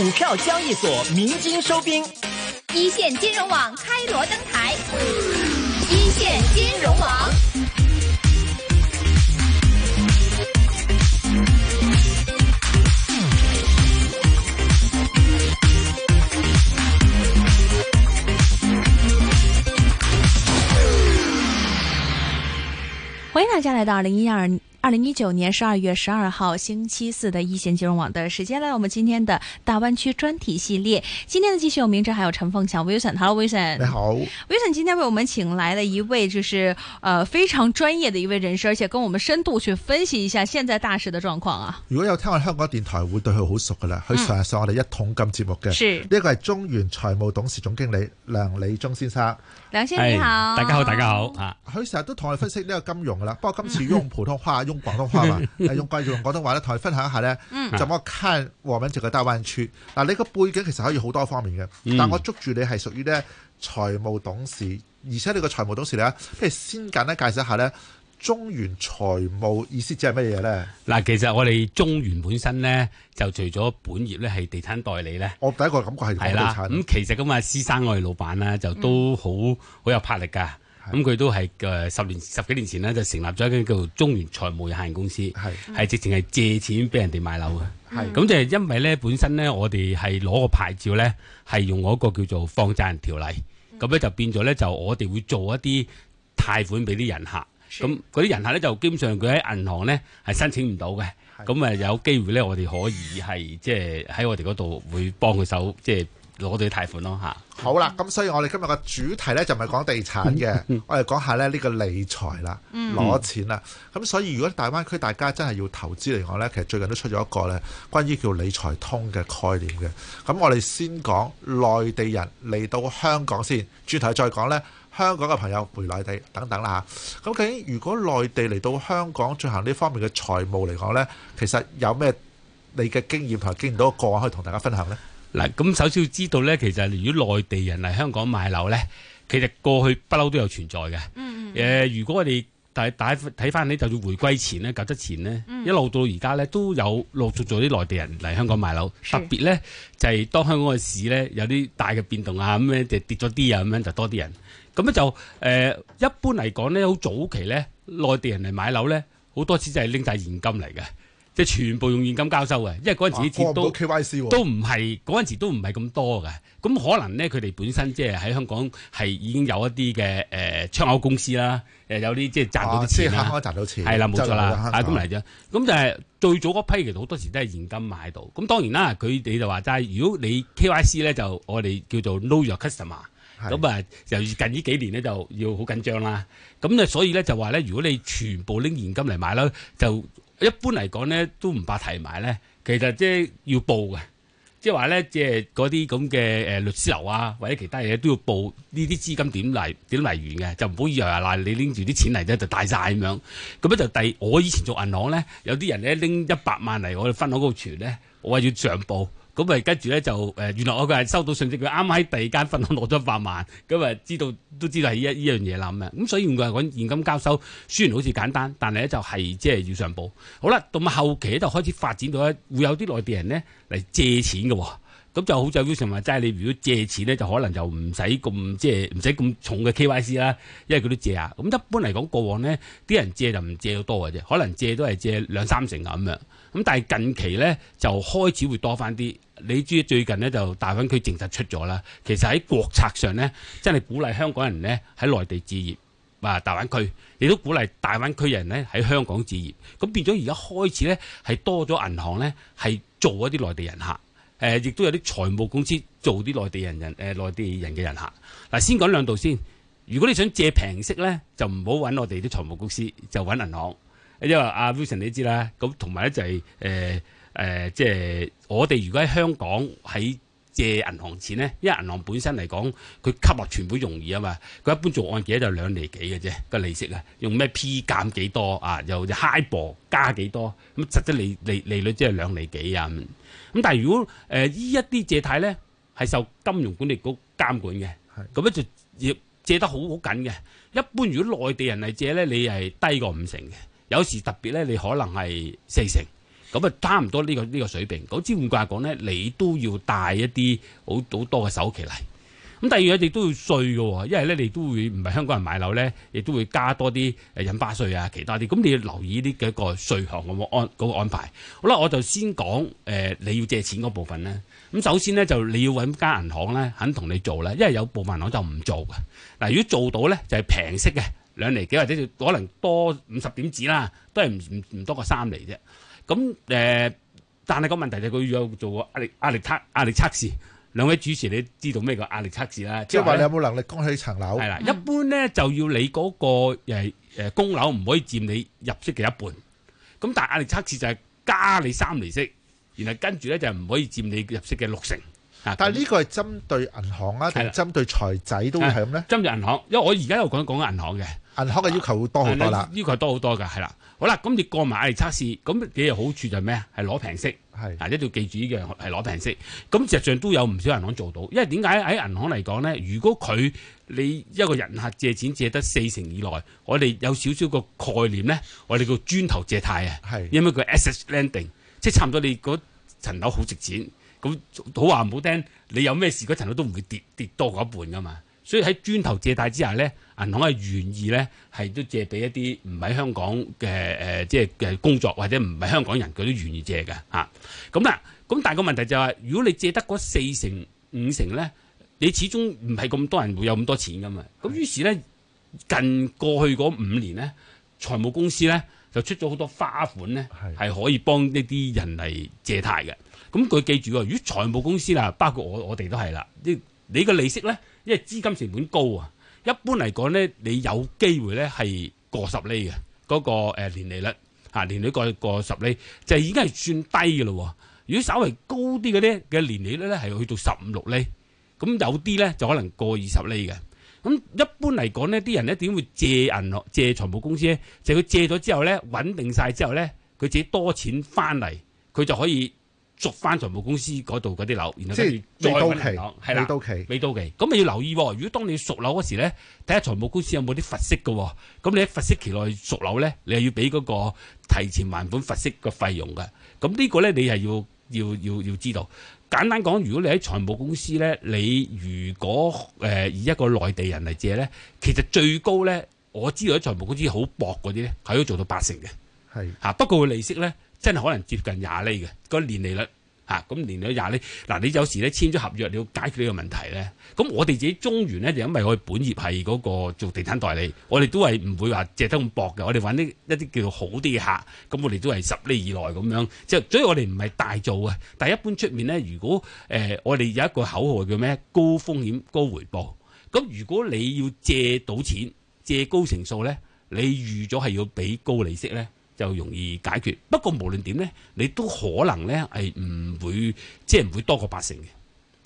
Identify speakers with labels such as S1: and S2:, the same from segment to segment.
S1: 股票交易所鳴金收兵，一線金融網開鑼登台，一線金融網，歡迎大家來到二零一二。二零一九年十二月十二號星期四的一綫金融網的時間，來我們今天的大灣區專題系列。今天的繼續有明哲，還有陳鳳強。Wilson，Hello，Wilson 你好。Wilson 今天為我們請來了一位，就是，呃，非常專業的一位人士，而且跟我們深度去分析一下現在大市的狀況啊。
S2: 如果有聽過香港電台，會對佢好熟噶啦，佢成日上我哋一桶金節目嘅。嗯、是，呢個係中原財務董事總經理梁理中先生。梁是先生你好，hey, 大家好，大家好啊。佢成日都同我分析呢個金融噶啦，不過今次用普通話用。嗯 廣 東話嘛，用繼續用廣東話咧，同你分享一下咧，就我看黃敏直嘅大灣區？嗱、啊，你個背景其實可以好多方面嘅，但我捉住你係屬於咧財務董事，而且你個財務董事咧，不如先簡單介紹下咧中原財務意思即係乜嘢咧？
S3: 嗱，其實我哋中原本身咧就除咗本業咧係地產代理咧，我第一個感覺係，係啦。咁、嗯、其實咁啊，施生我哋老闆咧就都好、嗯、好有魄力噶。咁佢、嗯、都係誒、呃、十年十幾年前呢，就成立咗一間叫做中原財務有限公司，係係是、嗯、直情係借錢俾人哋買樓嘅。係咁、嗯、就係因為咧，本身咧我哋係攞個牌照咧，係用嗰個叫做放債人條例，咁咧、嗯、就變咗咧，就我哋會做一啲貸款俾啲人客。咁嗰啲人客咧就基本上佢喺銀行咧係申請唔到嘅。咁啊、嗯嗯、有機會咧，我哋可以係即係喺我哋嗰度會幫佢手即係。就是攞到啲貸款咯嚇。啊、好
S2: 啦，咁所以我哋今日嘅主題呢，就唔係講地產嘅， 我哋講下呢呢個理財啦，攞錢啦。咁、嗯、所以如果大灣區大家真係要投資嚟講呢，其實最近都出咗一個呢關於叫理財通嘅概念嘅。咁我哋先講內地人嚟到香港先，轉頭再講呢香港嘅朋友回內地等等啦嚇。咁究竟如果內地嚟到香港進行呢方面嘅財務嚟講呢，其實有咩你嘅經驗同見到個案可以同大家分享呢？
S3: 嗱，咁首先要知道咧，其實如果內地人嚟香港買樓咧，其實過去不嬲都有存在嘅。嗯，誒、呃，如果我哋大大睇翻你就要回歸前咧、九七前咧，嗯、一路到而家咧，都有陸續做啲內地人嚟香港買樓。是特別咧，就係、是、當香港嘅市咧有啲大嘅變動啊，咁、嗯、樣就跌咗啲啊，咁樣就多啲人。咁、嗯、咧就誒、呃，一般嚟講咧，好早期咧，內地人嚟買樓咧，好多次就係拎晒現金嚟嘅。即係全部用現金交收嘅，因為嗰陣時，欸、時都 KYC 都唔係嗰陣時都唔係咁多嘅，咁可能咧佢哋本身即係喺香港係已經有一啲嘅誒窗口公司啦，誒有啲即係賺到啲錢啦，啊啊，即係賺到錢，係啦冇錯啦，咁嚟咗，咁就係最早嗰批其實好多時都係現金買到，咁當然啦，佢哋就話齋，如果你 K Y C 咧就我哋叫做 Know Your Customer 咁啊，由於近呢幾年咧就要好緊張啦，咁咧所以咧就話咧，如果你全部拎現金嚟買啦，就。一般嚟講咧都唔怕提埋咧，其實即係要報嘅，即係話咧即係嗰啲咁嘅誒律師樓啊，或者其他嘢都要報呢啲資金點嚟點嚟源嘅，就唔好以為話你拎住啲錢嚟啫就大晒咁樣，咁樣就第二我以前做銀行咧，有啲人咧拎一百萬嚟，我哋分行個存咧，我話要上報。咁咪跟住咧就誒、呃，原來我佢係收到訊息，佢啱喺第二間分行攞咗一百萬，咁、嗯、啊知道都知道係一依樣嘢咁嘅，咁、嗯、所以換句嚟講現金交收，雖然好似簡單，但係咧就係即係要上報。好啦，到咪後期咧就開始發展到咧會有啲內地人咧嚟借錢嘅、哦，咁、嗯、就好似話齋，你如果借錢咧就可能就唔使咁即係唔使咁重嘅 KYC 啦，因為佢都借啊。咁、嗯、一般嚟講過往咧啲人借就唔借到多嘅啫，可能借都係借兩三成咁樣。咁但係近期呢，就開始會多返啲，你知最近呢，就大灣區政策出咗啦。其實喺國策上呢，真係鼓勵香港人呢喺內地置業，啊大灣區，亦都鼓勵大灣區人呢喺香港置業。咁變咗而家開始呢，係多咗銀行呢係做一啲內地人客，誒、呃、亦都有啲財務公司做啲內地人人誒、呃、內地人嘅人客。嗱先講兩度先，如果你想借平息呢，就唔好揾我哋啲財務公司，就揾銀行。因為阿 Wilson 你知啦，咁同埋咧就係誒誒，即、呃、係、呃就是，我哋如果喺香港喺借銀行錢咧，因為銀行本身嚟講，佢吸落全部容易啊嘛，佢一般做按揭就兩厘幾嘅啫，個利息啊，用咩 P 減幾多啊，又 HIBOR 加幾多，咁實質利利利率即係兩厘幾啊咁。咁但係如果誒依一啲借貸咧，係受金融管理局監管嘅，咁咧是的 就亦借得好好緊嘅。一般如果內地人嚟借咧，你係低過五成嘅。有時特別咧，你可能係四成，咁啊差唔多呢、呢個呢、呢個水平。好似換句話講咧，你都要帶一啲好好多嘅首期嚟。咁第二，你都要稅嘅，因為咧你都會唔係香港人買樓咧，亦都會加多啲誒印花稅啊，其他啲。咁你要留意呢幾個稅項嘅安嗰安排。好啦，我就先講誒、呃、你要借錢嗰部分咧。咁首先咧就你要揾間銀行咧肯同你做咧，因為有部分銀行就唔做嘅。嗱，如果做到咧就係平息嘅。兩厘幾或者可能多五十點子啦，都係唔唔唔多過三厘啫。咁誒、呃，但係個問題就佢要做壓力壓力測壓力測試。兩位主持，你知道咩叫壓力測試啦？即係話你有
S2: 冇能力供起層樓係啦。嗯、一
S3: 般咧就要你嗰、個誒供、呃、樓唔可以佔你入息嘅一半。咁但係壓力測試就係加你三厘息，然後跟住咧就唔、是、可以佔你入息嘅六成。但係呢個
S2: 係針對銀行啊，定係針對財仔都會係咁咧？
S3: 針對銀行，因為我而家又講講緊銀行嘅
S2: 銀行嘅要求會多好多啦。
S3: 要求多好多噶，係啦。好啦，咁你過埋嚟測試，咁你嘅好處就係咩啊？係攞平息，係的，一定要記住呢樣係攞平息。咁的實際上都有唔少銀行做到，因為點解喺銀行嚟講咧？如果佢你一個人客借錢借得四成以內，我哋有少少個概念咧，我哋叫磚頭借貸啊。係的，因為佢 asset lending 即係差唔多，你嗰層樓好值錢。咁好話唔好聽，你有咩事嗰層都唔會跌跌多過一半㗎嘛。所以喺磚頭借貸之下咧，銀行係願意咧，係都借俾一啲唔喺香港嘅誒，即係嘅工作或者唔係香港人，佢都願意借嘅吓。咁、呃、啊，咁、呃呃呃呃呃、但係個問題就係、是，如果你借得嗰四成五成咧，你始終唔係咁多人會有咁多錢㗎嘛。咁於是咧，近過去嗰五年咧，財務公司咧就出咗好多花款咧，係可以幫呢啲人嚟借貸嘅。咁佢記住喎，如果財務公司啦，包括我我哋都係啦，啲你嘅利息咧，因為資金成本高啊，一般嚟講咧，你有機會咧係過十厘嘅，嗰、個誒年利率嚇，年利率過過、啊、十厘就已經係算低嘅咯。如果稍微高啲嗰啲嘅年利率咧，係去到十五六厘，咁有啲咧就可能過二十厘嘅。咁一般嚟講呢啲人咧點會借銀咯，借財務公司咧，就佢、係、借咗之後咧，穩定晒之後咧，佢自己多錢翻嚟，佢就可以。贖翻財務公司嗰度嗰啲樓，然後跟住再到期，係啦，到期，未到期，咁你啦要留意、哦。如果當你贖樓嗰時咧，睇下財務公司有冇啲罰息噶、哦。咁你喺罰息期內贖樓咧，你係要俾嗰個提前還本罰息嘅費用噶。咁呢個咧，你係要要要要知道。簡單講，如果你喺財務公司咧，你如果誒、呃、以一個內地人嚟借咧，其實最高咧，我知道喺財務公司好薄嗰啲咧，係都做到八成嘅。係吓的，不過佢利息咧。真係可能接近廿厘嘅，個年利率吓咁、啊、年利率廿厘。嗱、啊、你有時咧簽咗合約，你要解決呢個問題咧。咁我哋自己中原咧，就因為我哋本業係嗰個做地產代理，我哋都係唔會話借得咁薄嘅。我哋揾啲一啲叫做好啲嘅客，咁我哋都係十厘以內咁樣。即係所以我哋唔係大做嘅，但係一般出面咧，如果誒、呃、我哋有一個口號叫咩？高風險高回報。咁如果你要借到錢，借高成數咧，你預咗係要俾高利息咧？就容易解決，不過無論點呢，你都可能呢係唔會，即係唔會多過八成嘅。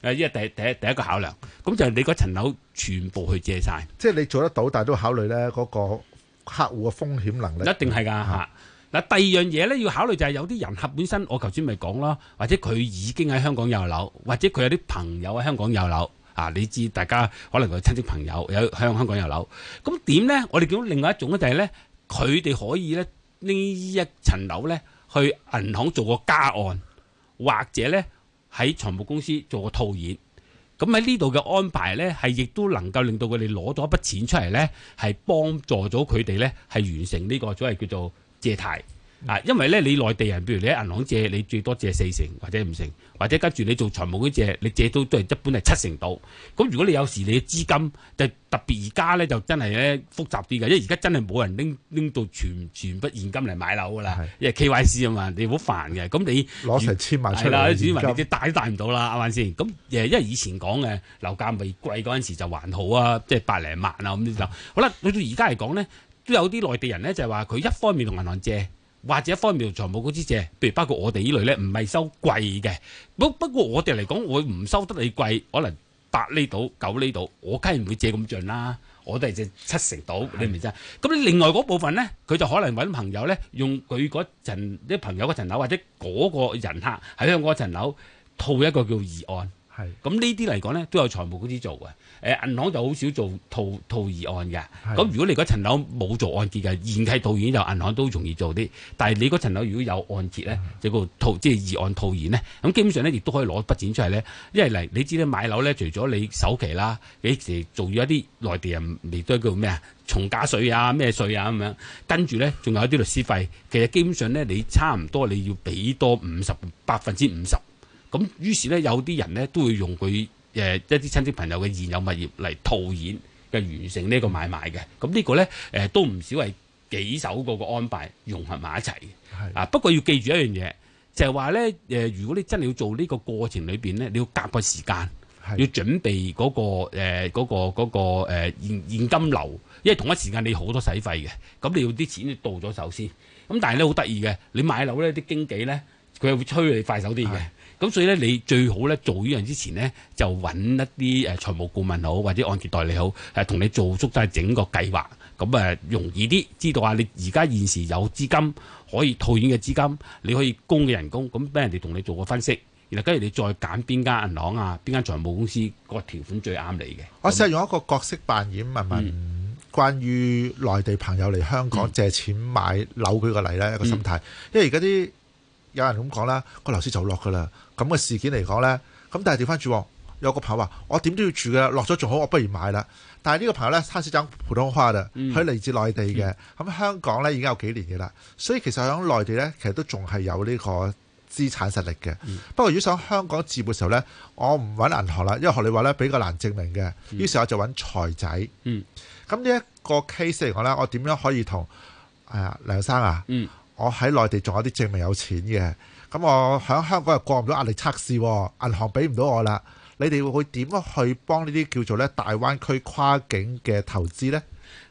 S3: 誒，因為第第一第一個考量，咁就係你嗰層樓全
S2: 部去借晒，即係你做得到，但係都考慮呢嗰、那個客戶嘅風險能力。一定係㗎嚇。嗱、嗯啊，第二樣嘢呢要
S3: 考慮就係有啲人客本身，我頭先
S2: 咪講啦，或者佢
S3: 已經喺香港有樓，或者佢有啲朋友喺香港有樓嚇。你知大家可能佢親戚朋友有喺香港有樓，咁、啊、點呢？我哋見到另外一種咧、就是，就係呢，佢哋可以呢。呢一層樓咧，去銀行做個加按，或者咧喺財務公司做個套現。咁喺呢度嘅安排咧，係亦都能夠令到佢哋攞咗一筆錢出嚟咧，係幫助咗佢哋咧，係完成呢個所謂叫做借貸。啊，因為咧你內地人，譬如你喺銀行借，你最多借四成或者五成，或者跟住你做財務嗰借，你借到都係一般係七成到。咁如果你有時你嘅資金，就特別而家咧就真係咧複雜啲嘅，因為而家真係冇人拎拎到全全筆現金嚟買樓㗎啦，的因為 K Y C 啊嘛，你好煩嘅。咁你
S2: 攞成千萬出嚟，係啦，啲現金你
S3: 帶都帶唔到啦，啱唔啱先？咁誒，因為以前講嘅樓價未貴嗰陣時就還好、就是、啊，即係百零萬啊咁就。好啦，去到而家嚟講咧，都有啲內地人咧就係話佢一方面同銀行借。或者一方面財務公司借，譬如包括我哋呢類咧，唔係收貴嘅。不不過我哋嚟講，我唔收得你貴，可能八厘到九厘到，我梗係唔會借咁盡啦、啊。我哋係借七成到，你明唔明？咁你、嗯、另外嗰部分咧，佢就可能揾朋友咧，用佢嗰層啲朋友嗰層樓，或者嗰個人客喺香港嗰層樓套一個叫二按。係，咁呢啲嚟講咧，都有財務公司做嘅。誒、啊，銀行就好少做套套二按嘅。咁的如果你嗰層樓冇做按揭嘅現契套現,現，就銀行都容易做啲。但係你嗰層樓如果有按揭咧，就個套即係二按套現咧，咁、嗯、基本上咧亦都可以攞筆錢出嚟咧。因為嚟你知咧買樓咧，除咗你首期啦，你誒做咗一啲內地人嚟都叫咩啊？重價稅啊，咩稅啊咁樣，跟住咧仲有啲律師費。其實基本上咧，你差唔多你要俾多五十百分之五十。咁於是咧，有啲人咧都會用佢誒、呃、一啲親戚朋友嘅現有物業嚟套現嘅完成呢一個買賣嘅。咁、嗯這個、呢個咧誒都唔少係幾手個安排融合埋一齊嘅。係啊，不過要記住一樣嘢，就係話咧誒，如果你真係要做呢個過程裏邊咧，你要夾個時間，的要準備嗰、那個誒嗰、呃那個嗰、那個、那個呃、現、現金流，因為同一時間你好多使費嘅，咁你要啲錢到咗手先。咁、嗯、但係咧好得意嘅，你買樓咧啲經紀咧，佢又會催你快手啲嘅。咁所以咧，你最好咧做呢樣之前呢，就揾一啲誒財務顧問好，或者按揭代理好，誒同你做足晒整個計劃，咁誒容易啲，知道啊！你而家現時有資金可以套現嘅資金，你可以供嘅人工，咁俾人哋同你做個分析，然後跟住你再揀邊間銀行啊，邊間財務公司個條款最啱你嘅。我試下用一
S2: 個角色扮演問問、嗯，關於內地朋友嚟香港借錢買樓嗰個例咧，一個心態，嗯嗯、因為而家啲。有人咁講啦，個樓市就落㗎啦。咁嘅事件嚟講呢，咁但係調翻轉，有個朋友話：我點都要住嘅，落咗仲好，我不如買啦。但係呢個朋友呢，佢係講普通話嘅，佢嚟、嗯、自內地嘅。咁、嗯、香港呢已經有幾年嘅啦。所以其實喺內地呢，其實都仲係有呢個資產實力嘅。嗯、不過如果想香港置業嘅時候呢，我唔揾銀行啦，因為學你話呢，比較難證明嘅。嗯、於是我就揾財仔。咁呢一個 case 嚟講呢，我點樣可以同誒、哎、梁生啊？嗯我喺內地仲有啲證明有錢嘅，咁、嗯、我喺香港又過唔到壓力測試，銀行俾唔到我啦。你哋會點樣去幫呢啲叫做咧大灣區跨境嘅投資咧？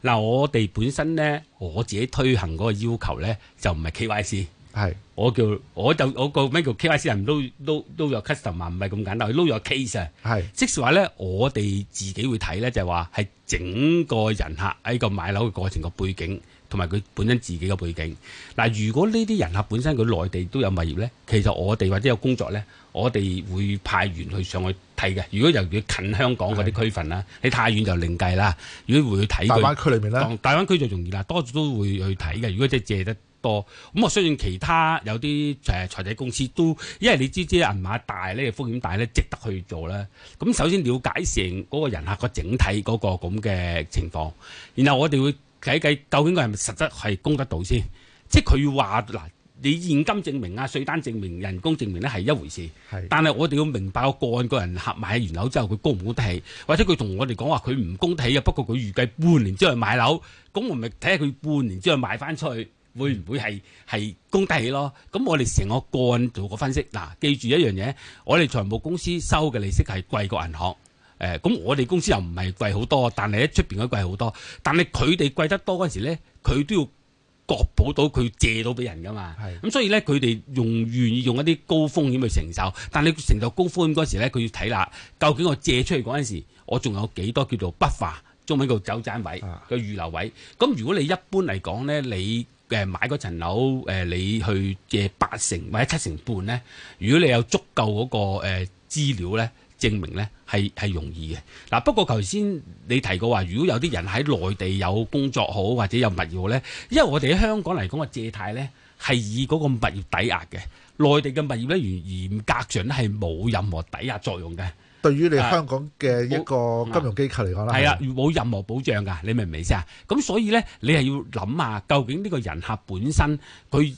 S2: 嗱，我哋本身咧我自己推行嗰個
S3: 要求咧就唔係 KYC，係是我叫我就我個咩叫 KYC 人都都都有 customer 唔係咁簡單，但佢都有 case 啊。係即係話咧，我哋是自己會睇咧，就係話係整個人客喺個買樓嘅過程個背景。同埋佢本身自己嘅背景，嗱，如果呢啲人客本身佢內地都有物業咧，其實我哋或者有工作咧，我哋會派員去上去睇嘅。如果又要近香港嗰啲區份啦，的你太遠就另計啦。如果會去睇大灣區裏邊啦，大灣區就容易啦，多數都會去睇嘅。如果即係借得多，咁我相信其他有啲誒財仔公司都，因為你知知銀碼大呢，風險大咧，值得去做啦。咁首先了解成嗰個人客個整體嗰個咁嘅情況，然後我哋會。計一計，究竟佢係咪實質係供得到先？即係佢要話嗱，你現金證明啊、稅單證明、人工證明咧係一回事。係的，但係我哋要明白個個案個人合買完樓之後佢供唔供得起，或者佢同我哋講話佢唔供得起啊。不過佢預計半年之後買樓，咁我咪睇下佢半年之後買返出去會唔會係係、嗯、供得起咯？咁我哋成個個案做個分析。嗱，記住一樣嘢，我哋財務公司收嘅利息係貴過銀行。誒咁，嗯、我哋公司又唔係貴好多，但係喺出邊嗰貴好多。但係佢哋貴得多嗰陣時咧，佢都要確保到佢借到俾人噶嘛。係咁是的、嗯，所以咧佢哋用願意用一啲高風險去承受。但係你承受高風險嗰時咧，佢要睇啦，究竟我借出去嗰陣時，我仲有幾多叫做 buffer，中文叫走盞位個是的 預留位。咁、嗯、如果你一般嚟講咧，你誒、呃、買嗰層樓、呃、你去借八成或者七成半咧，如果你有足夠嗰、那個誒、呃、資料咧。證明呢係係容易嘅。嗱，不過頭先你提過話，如果有啲人喺內地有工作好或者有物業好呢，因為我哋喺香港嚟講嘅借貸呢係以嗰個物業抵押嘅，內地嘅物業呢，嚴嚴格上呢係冇任何抵押作用嘅。
S2: 對於你香港嘅一個金融機構嚟講啦，係
S3: 啊，冇任何保障㗎，你明唔明先啊？咁所以呢，你係要諗下究竟呢個人客本身佢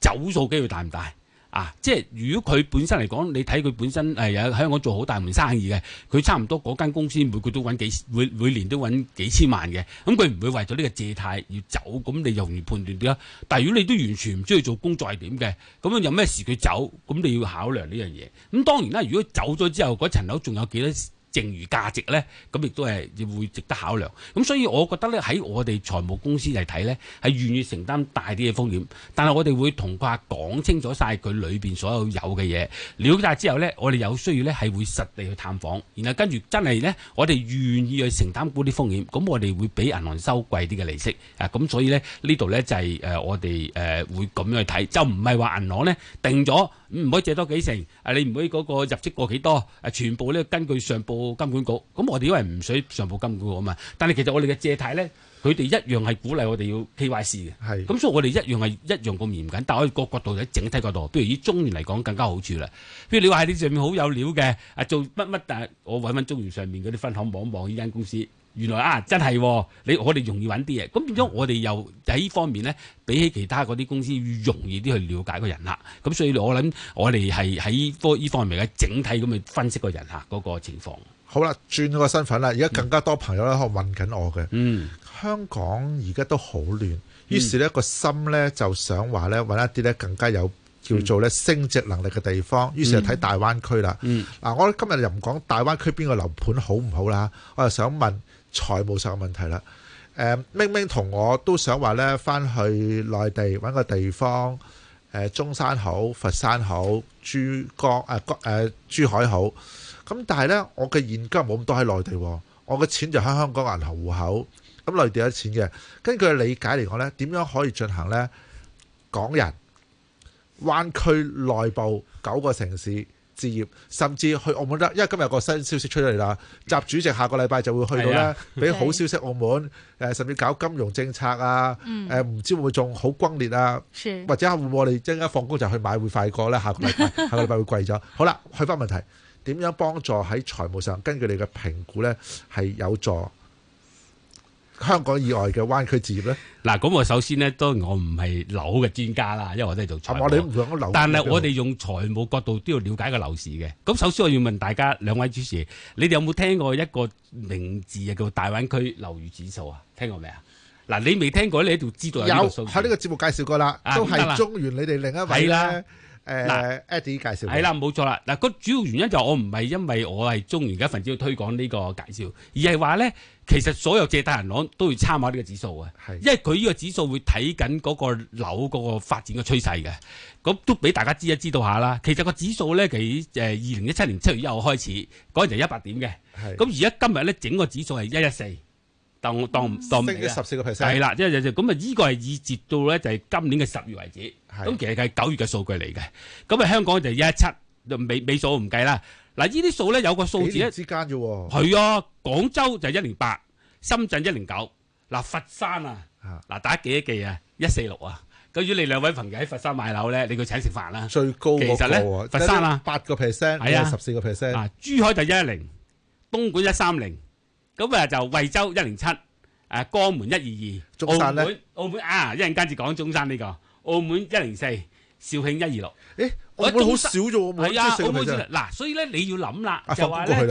S3: 走數機會大唔大？啊！即係如果佢本身嚟講，你睇佢本身誒有、呃、喺香港做好大門生意嘅，佢差唔多嗰間公司每個都揾幾，每每年都揾幾千萬嘅。咁佢唔會為咗呢個借貸要走，咁你容易判斷啲啦。但係如果你都完全唔知佢做工作係點嘅，咁有咩事佢走，咁你要考量呢樣嘢。咁、嗯、當然啦，如果走咗之後嗰層樓仲有幾多？剩餘價值呢，咁亦都係會值得考量。咁所以我覺得呢，喺我哋財務公司嚟睇呢，係願意承擔大啲嘅風險。但係我哋會同佢講清楚晒佢裏邊所有有嘅嘢。了解之後呢，我哋有需要呢，係會實地去探訪。然後跟住真係呢，我哋願意去承擔嗰啲風險。咁我哋會俾銀行收貴啲嘅利息。啊，咁所以呢，呢度呢，就係、是、誒、呃、我哋誒、呃、會咁樣去睇，就唔係話銀行呢定咗。唔可以借多幾成，誒你唔可以嗰個入息過幾多，誒全部咧根據上報金管局，咁我哋因為唔使上報金管局啊嘛，但係其實我哋嘅借貸咧，佢哋一樣係鼓勵我哋要 KYC 嘅，係的，咁所以我哋一樣係一樣咁嚴謹，但係我哋個角度喺整體角度，比如以中原嚟講更加好處啦，譬如你話喺啲上面好有料嘅，誒做乜乜，但係我揾返中原上面嗰啲分行望一望呢間公司。原來啊，真係、哦、你我哋容易揾啲嘢，咁變咗我哋又喺呢方面呢，比起其他嗰啲公司容易啲去了解個人客，咁所以我諗我哋係喺呢科呢方面嘅整體咁去分析個人客嗰、那個情況。
S2: 好啦，轉個身份啦，而家更加多朋友咧喺度問緊我嘅。嗯，香港而家都好亂，於是呢個心呢，就想話咧揾一啲咧更加有叫做咧升值能力嘅地方，嗯、於是就睇大灣區啦、嗯。嗯，嗱、啊、我今日又唔講大灣區邊個樓盤好唔好啦，我又想問。財務上嘅問題啦，誒，明明同我都想話咧，翻去內地揾個地方，誒、呃，中山好、佛山好、珠江誒誒、呃呃、珠海好，咁但係呢，我嘅現金冇咁多喺內地、啊，我嘅錢就喺香港銀行戶口，咁、嗯、內地有錢嘅，根據理解嚟講呢，點樣可以進行呢？港人，灣區內部九個城市。置業甚至去澳門得，因為今日有個新消息出咗嚟啦。習主席下個禮拜就會去到啦，俾、啊、好消息澳門。誒，甚至搞金融政策啊，誒、嗯，唔知會唔會仲好轟烈啊？是或者會唔會我哋一陣間放工就去買會快過咧？下個禮拜， 下個禮拜會貴咗。好啦，去翻問題，點樣幫助喺財務上根據你嘅評估咧，係有助。香港以外嘅灣區置業咧，嗱，咁我首先咧，當然我唔係
S3: 樓嘅專家啦，因為我都係做財務。啊、我哋唔，但係我哋用財務角度都要了解個樓市嘅。咁首先我要問大家兩位主持，你哋有冇聽過一個名字啊，叫大灣區樓宇指數啊？聽過未啊？嗱，你未聽過，你喺度知道有個數。有喺呢個節目介紹過啦，都係中
S2: 原你哋另一位咧。啊誒嗱 a
S3: 介紹係啦，冇錯啦。嗱、那，個主要原因就我唔係因為我係中原一份子去推廣呢個介紹，而係話咧，其實所有借貸人攞都要參考呢個指數嘅，的因為佢呢個指數會睇緊嗰個樓嗰個發展嘅趨勢嘅。咁都俾大家知一知道下啦。其實個指數咧，其實二零一七年七月一號開始嗰陣就一百點嘅，咁的而家今日咧整個指數係一一四。當當當，升咗十四個 percent，係啦，即係就是、到就咁啊！依個係以截至到咧就係今年嘅十月為止。咁的其實係九月嘅數據嚟嘅。咁啊，香港就一七，尾尾數唔計啦。嗱，呢啲數咧有個數字咧
S2: 之間啫。係
S3: 啊，廣州就一零八，深圳、啊啊、一零九。嗱，佛山啊，嗱，大家記一記啊，一四六啊。咁如果你兩位朋友喺佛山買樓咧，你佢請食飯啦。最高嗰個，佛山啊，八個 percent，
S2: 係啊，十四個 percent。啊，
S3: 珠海就一一零，東莞一三零。咁啊就惠州一零七，誒江門一二二，中山咧？澳門澳門啊，一陣間至講中山呢個。澳門一零四，肇慶一二六。誒，澳門好少
S2: 啫喎，冇咗四五個。嗱，
S3: 所以咧你要諗啦，就話咧，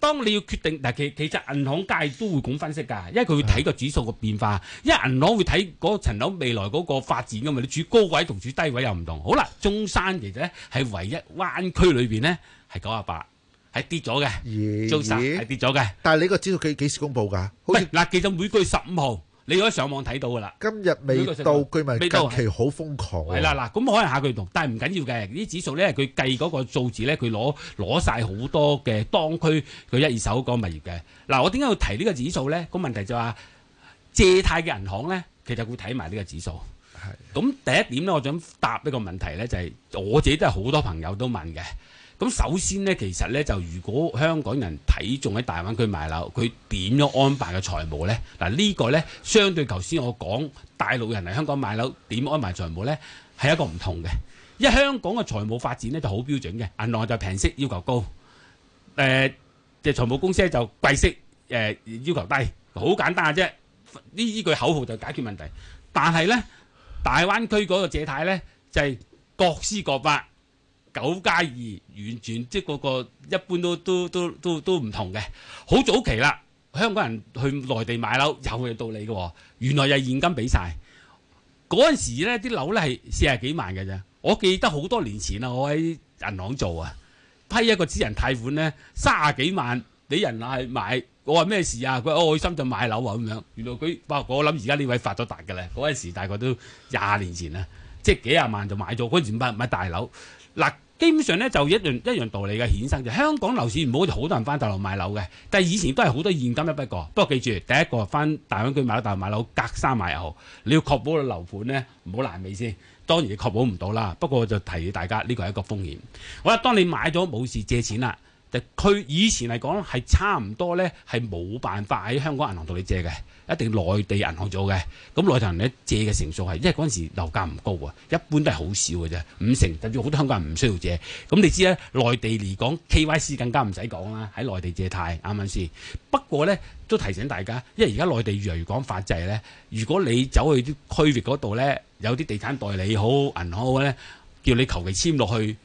S3: 當你要決定，嗱其其實銀行界都會咁分析㗎，因為佢會睇個指數個變化，因為銀行會睇嗰層樓未來嗰個發展㗎嘛，你住高位同住低位又唔同。好啦，中山其實咧係唯一灣區裏邊咧係九啊八。係跌咗嘅，
S2: 做實係跌咗嘅。但係你個指數幾幾時公佈㗎？
S3: 嗱，其實每個月十五號，你可以上網睇到㗎啦。今日未到句咪到近期
S2: 好到瘋狂、啊。係啦，嗱，
S3: 咁可能下個月讀，但係唔緊要嘅。啲指數咧，佢計嗰個數字咧，佢攞攞曬好多嘅當區佢一二手嗰個物業嘅。嗱、啊，我點解要提呢個指數咧？個問題就話、是，借貸嘅銀行咧，其實會睇埋呢個指數。係的。咁第一點咧，我想答呢個問題咧、就是，就係我自己都係好多朋友都問嘅。咁首先呢，其實呢，就如果香港人睇中喺大灣區買樓，佢點樣安排嘅財務呢？嗱、這、呢個呢，相對頭先我講大陸人嚟香港買樓點安排財務呢？係一個唔同嘅。一香港嘅財務發展呢就好標準嘅，銀行就平息要求高，誒嘅財務公司呢就貴息誒、呃、要求低，好簡單啫。呢呢句口號就解決問題。但係呢，大灣區嗰個借貸呢，就係、是、各施各法。九加二完全，即係嗰個一般都都都都都唔同嘅，好早期啦。香港人去內地買樓有佢道理嘅喎、哦，原來係現金俾晒嗰陣時咧，啲樓咧係四十幾萬嘅啫。我記得好多年前啦，我喺銀行做啊，批一個私人貸款咧，三十幾萬，俾人係買，我話咩事啊？佢愛、哦、心就買樓啊咁樣。原來佢，我諗而家呢位發咗達嘅咧。嗰陣時大概都廿年前啦，即係幾廿萬就買咗，嗰時唔係買大樓，嗱、啊。基本上咧就一樣一樣道理嘅。衍生、就是，就香港樓市唔好，好多人翻大陸買樓嘅，但係以前都係好多現金嘅不過，不過記住第一個翻大灣區買大陸買樓，大陸買樓隔三買又好，你要確保個樓盤咧唔好爛尾先。當然你確保唔到啦，不過就提大家呢個係一個風險。好啦，當你買咗冇事借錢啦。就佢以前嚟講，係差唔多呢係冇辦法喺香港銀行同你借嘅，一定內地銀行做嘅。咁內地人呢，借嘅成數係，因為嗰陣時樓價唔高啊，一般都係好少嘅啫，五成。甚至好多香港人唔需要借。咁你知呢，內地嚟講 K Y C 更加唔使講啦，喺內地借貸啱唔啱先？不過呢，都提醒大家，因為而家內地越嚟越講法制呢。如果你走去啲區域嗰度呢，有啲地產代理好銀行好呢，叫你求其簽落去。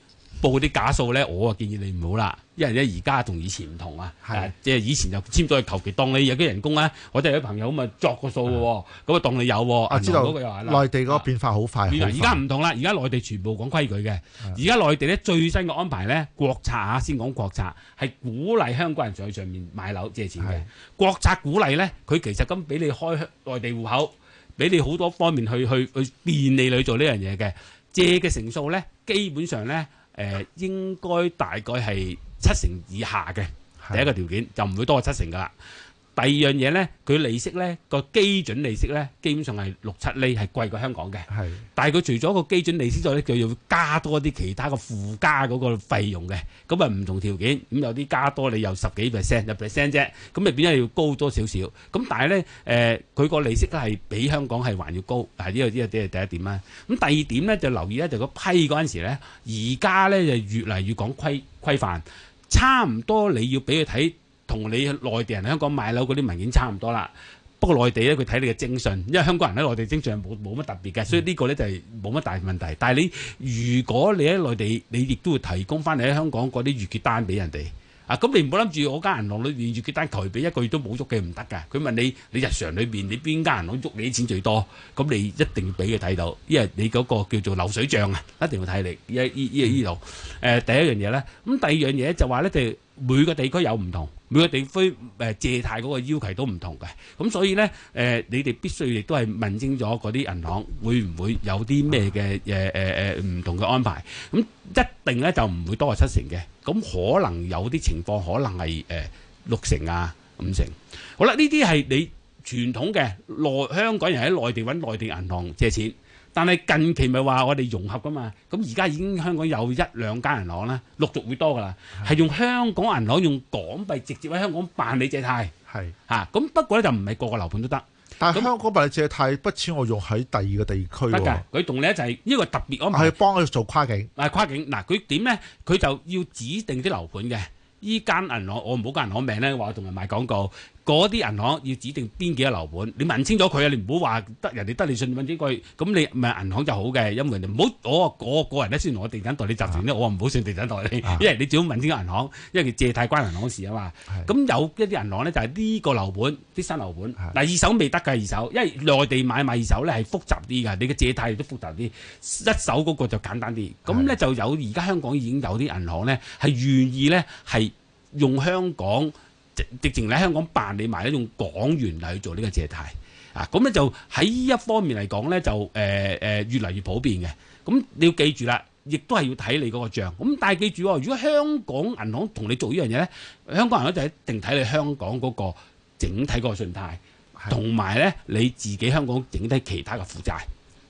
S3: 報啲假數咧，我啊建議你唔好啦，因為咧而家同以前唔同啊，啊啊即係以前就簽咗，去求其當你有啲人工咧、啊，我都有啲朋友咁啊作個數喎，咁啊當你有喎、啊啊。啊，知道嗰句話啦。內地
S2: 嗰個變化好快，而家唔
S3: 同啦，而家內地全部講規矩嘅。而家、啊、內地咧最新嘅安排咧，國策啊，先講國策，係鼓勵香港人上去上面買樓借錢嘅。啊、國策鼓勵咧，佢其實咁俾你開內地戶口，俾你好多方面去去去，去便利你去做呢樣嘢嘅。借嘅成數咧，基本上咧。不停誒應該大概係七成以下嘅第一個條件，是的 就唔會多過七成㗎啦。第二樣嘢咧，佢利息咧個基準利息咧，基本上係六七厘係貴過香港嘅。係。但係佢除咗個基準利息之外咧，佢要加多啲其他個附加嗰個費用嘅。咁啊唔同條件，咁有啲加多你有十幾 percent、入 percent 啫。咁咪變咗要高多少少。咁但係咧，誒佢個利息都係比香港係還要高。係呢個呢個第一點啦，啊。咁第二點咧就留意咧，就個、是、批嗰陣時咧，而家咧就越嚟越講規規範，差唔多你要俾佢睇。同你內地人喺香港買樓嗰啲文件差唔多啦，不過內地咧佢睇你嘅徵信，因為香港人喺內地徵信冇冇乜特別嘅，所以呢個咧就係冇乜大問題。但係你如果你喺內地，你亦都會提供翻你喺香港嗰啲月結單俾人哋啊。咁你唔好諗住我間銀行裏面月結單求其俾一個月都冇喐嘅唔得㗎。佢問你你日常裏邊你邊間銀行喐你啲錢最多，咁你一定要俾佢睇到，因為你嗰個叫做流水帳啊，一定要睇你。呢呢呢度誒第一樣嘢咧，咁第二樣嘢就話咧就。每個地區有唔同，每個地區誒借貸嗰個要求都唔同嘅，咁所以呢誒，你哋必須亦都係問清楚嗰啲銀行會唔會有啲咩嘅誒誒誒唔同嘅安排？咁一定呢就唔會多過七成嘅，咁可能有啲情況可能係誒六成啊五成。好啦，呢啲係你傳統嘅內香港人喺內地搵內地銀行借錢。但係近期咪話我哋融合噶嘛？咁而家已經香港有一兩間銀行啦，陸續會多噶啦，係是的 用香港銀行用港幣直接喺香港辦理借貸。係嚇是的、啊，咁不
S2: 過咧就唔係個個樓盤都得。但係香港辦理借貸不似我用喺第二個地區。得㗎、嗯，
S3: 佢同你咧就係因為個特別安排，我唔係
S2: 幫佢做跨境，
S3: 唔、啊、跨境嗱，佢點咧？佢就要指定啲樓盤嘅依間銀行，我唔好間銀行名咧，話我同人賣廣告。嗰啲銀行要指定邊幾個樓盤，你問清楚佢啊！你唔好話得人哋得你信，問清楚，咁你唔係銀行就好嘅，因為你唔好我我個人咧先攞地產代理集團咧，我唔好信地產代理，因為你最好問清楚銀行，因為佢借貸關銀行事啊嘛。咁的有一啲銀行咧就係呢個樓盤，啲新樓盤，嗱的二手未得㗎，二手，因為內地買賣二手咧係複雜啲㗎，你嘅借貸亦都複雜啲，一手嗰個就簡單啲。咁咧的就有而家香港已經有啲銀行咧係願意咧係用香港。直情喺香港辦理埋一種港元嚟去做呢個借貸啊，咁咧就喺呢一方面嚟講咧，就誒誒、呃呃、越嚟越普遍嘅。咁、嗯、你要記住啦，亦都係要睇你嗰個帳。咁、嗯、但係記住、哦，如果香港銀行同你做呢樣嘢咧，香港人咧就一定睇你香港嗰個整體個信貸，同埋咧你自己香港整體其他嘅負債。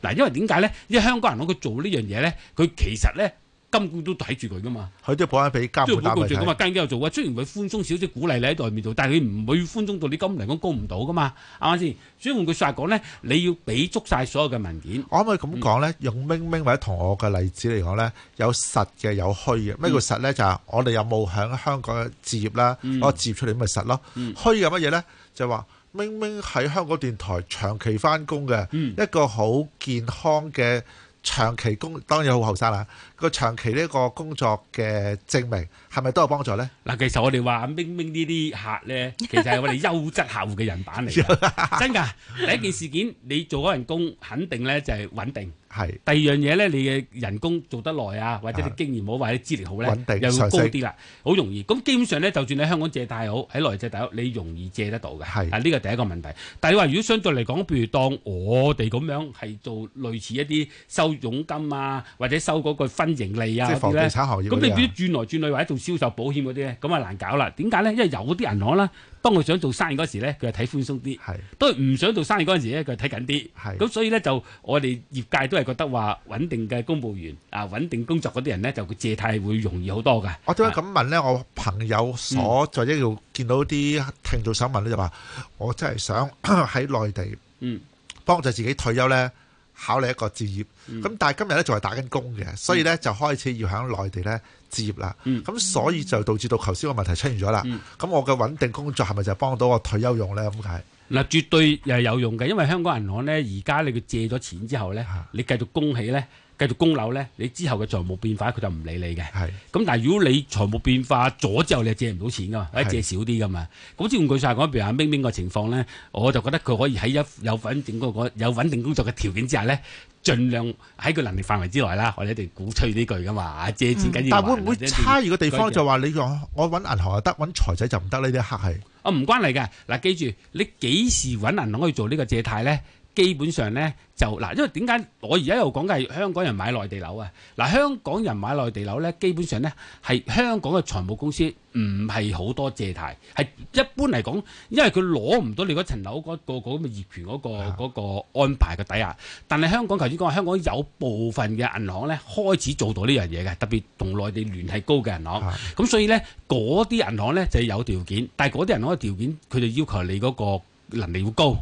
S3: 嗱、啊，因為點解咧？因為香港銀行佢做呢樣嘢咧，佢其實咧。金管都睇住佢噶嘛，
S2: 佢都保安俾監管。即係佢做咁嘛。
S3: 跟住又做啊。雖然佢寬鬆少少，鼓勵你喺外面度，但係佢唔會寬鬆到你金嚟講供
S2: 唔到噶嘛，啱咪先？所以換句説話講咧，你要
S3: 俾足晒所有嘅文件。我可唔可以咁講
S2: 咧？嗯、用明明或者同我嘅例子嚟講咧，有實嘅有虛嘅。咩叫實咧？就係、是、我哋有冇喺香港嘅置業啦，我置、嗯、出嚟咁咪實咯。嗯、虛有乜嘢咧？就話、是、明明喺香港電台長期翻工嘅，嗯、一個好健康嘅。長期工當然好後生啦，個長期呢個工作嘅證明。係咪都有幫助咧？嗱，
S3: 其實我哋話冰冰呢啲客咧，其實係我哋優質客戶嘅人板嚟嘅， 真㗎。第一件事件，你做嗰份工肯定咧就係穩定。係是。第二樣嘢咧，你嘅人工做得耐啊，或者你經驗好是或者資歷好咧，定又高啲啦。好升容易。咁基本上咧，就算你香港借貸好喺內地借貸好，你容易借得到嘅。係是。係呢個第一個問題。但係你話如果相對嚟講，譬如當我哋咁樣係做類似一啲收佣金啊，或者收嗰個分盈利啊嗰啲咧，咁些你變咗轉來轉去或者做。銷售保險嗰啲咧，咁啊難搞啦。點解咧？因為有啲銀行啦，當佢想做生意嗰時咧，佢係睇寬鬆啲，當佢唔想做生意嗰陣時咧，佢睇緊啲。咁是所以咧，就我哋業界都係覺得話穩定嘅公務員啊，穩定工作嗰啲人咧，就借貸會容易好多㗎。我點解
S2: 咁問咧，是我朋友所在一度見到啲聽眾想問咧，就話、嗯、我真係想喺內地嗯幫助自己退休咧。考慮一個置業，咁但係今日咧仲係打緊工嘅，所以咧就開始要喺內地咧置業啦。咁所以就導致到頭先個問題出現咗啦。咁我嘅穩定工作係咪就幫到我退休用咧？咁解？
S3: 嗱，絕對又係有用嘅，因為香港銀行咧而家你佢借咗錢之後咧，你繼續供起咧。繼續供樓咧，你之後嘅財務變化佢就唔理你嘅。係是，咁但係如果你財務變化咗之後，你係借唔到錢噶嘛，或者借少啲噶嘛。咁即係講曬嗰邊阿冰冰個情況咧，我就覺得佢可以喺一有穩定工有穩定工作嘅條件之下咧，儘量喺佢能力範圍之內啦。我哋一定鼓吹呢句噶嘛，借錢緊要。嗯、但係會唔會差異嘅地方就話
S2: 你，我我揾銀行又得，揾財仔就唔得呢？啲客氣
S3: 啊，唔關你嘅。嗱、啊、記住，你幾時揾銀行去做呢個借貸咧？基本上呢，就嗱，因為點解我而家又講嘅係香港人買內地樓啊？嗱，香港人買內地樓呢，基本上呢，係香港嘅財務公司唔係好多借貸，係一般嚟講，因為佢攞唔到你嗰層樓嗰個嗰個咁嘅業權嗰個嗰個安排嘅抵押。但係香港頭先講，香港有部分嘅銀行呢，開始做到呢樣嘢嘅，特別同內地聯繫高嘅銀行。咁所以呢嗰啲銀行呢就有條件，但係嗰啲銀行嘅條件，佢就要求你嗰個能力要高。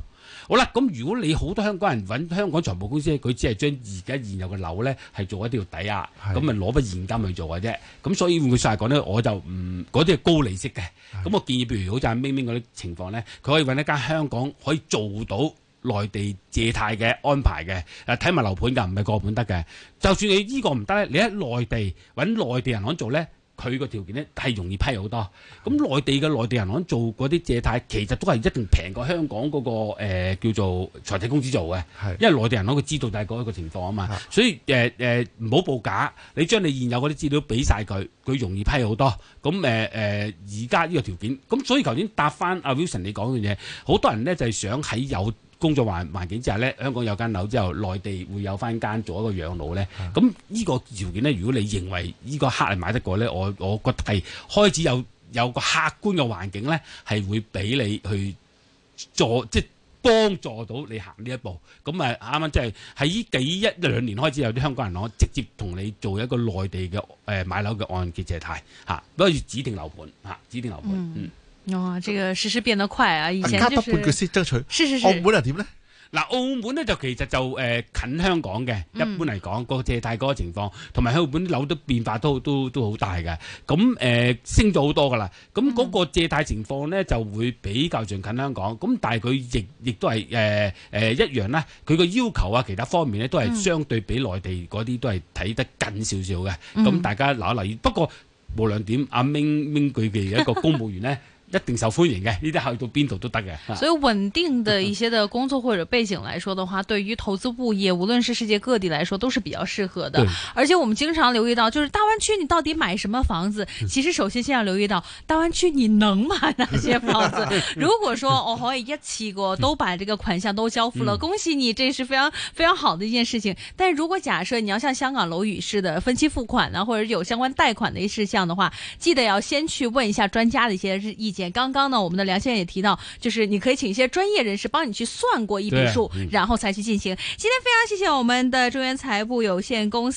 S3: 好啦，咁如果你好多香港人揾香港財務公司，佢只係將而家現有嘅樓咧係做一條抵押，咁咪攞筆現金去做嘅啫。咁所以換句曬講咧，我就唔嗰啲係高利息嘅。咁是我建議，譬如好似阿 m i n 嗰啲情況咧，佢可以揾一間香港可以做到內地借貸嘅安排嘅，誒睇埋樓盤㗎，唔係個盤得嘅。就算你依個唔得咧，你喺內地揾內地人攞做咧，佢個條件咧係容易批好多，咁內地嘅內地銀行做嗰啲借貸，其實都係一定平過香港嗰、那個、呃、叫做財務公司做嘅，的因為內地銀行佢知道晒嗰一個情況啊嘛，的所以誒誒唔好報假，你將你現有嗰啲資料俾晒佢，佢容易批好多。咁誒誒而家呢個條件，咁所以頭先答翻阿、啊、Wilson 你講嘅嘢，好多人咧就係想喺有。工作環環境之下呢，香港有間樓之後，內地會有翻間做一個養老呢，咁呢個條件呢，如果你認為呢個客係買得過呢，我我覺得係開始有有個客觀嘅環境呢係會俾你去做，即幫助到你行呢一步。咁啊，啱啱即係喺呢幾一兩年開始有啲香港人可直接同你做一個內地嘅誒、呃、買樓嘅按揭借貸嚇，不、啊、過指定樓盤嚇、啊，指定樓盤嗯。嗯
S1: 哦，這個時事，事變得快啊！以前不就
S3: 是，是是取。澳門又點呢？嗱，澳門呢，就其實就誒近香港嘅，嗯、一般嚟講，個借貸嗰個情況，同埋喺澳門啲樓都變化都都都好大嘅。咁、嗯、誒升咗好多噶啦。咁嗰個借貸情況呢，就會比較像近香港。咁、嗯、但係佢亦亦都係誒誒一樣咧，佢個要求啊其他方面呢，都係相對比內地嗰啲都係睇得近少少嘅。咁、嗯嗯、大家留意留意。不過無論點，阿明明佢哋一個公務員呢。 一定受歡迎嘅，呢啲去到邊度都得嘅。所以
S1: 穩定的一些的工作或者背景來說的話，對於投資物業，無論是世界各地來說，都是比較適合的。對而且我們經常留意到，就是大灣區你到底買什麼房子？其實首先先要留意到，大灣區你能買哪些房子？ 如果說哦，可以一次過都把這個款項都交付了，恭喜你，這是非常非常好的一件事情。但如果假設你要像香港樓宇似的分期付款啊，或者有相關貸款的一事項的話，記得要先去問一下專家的一些意見。剛剛呢，我們的梁先生也提到，就是你可以請一些專業人士幫你去算過一筆數，嗯、然後才去進行。今天非常謝謝我們的中原財務有限公司。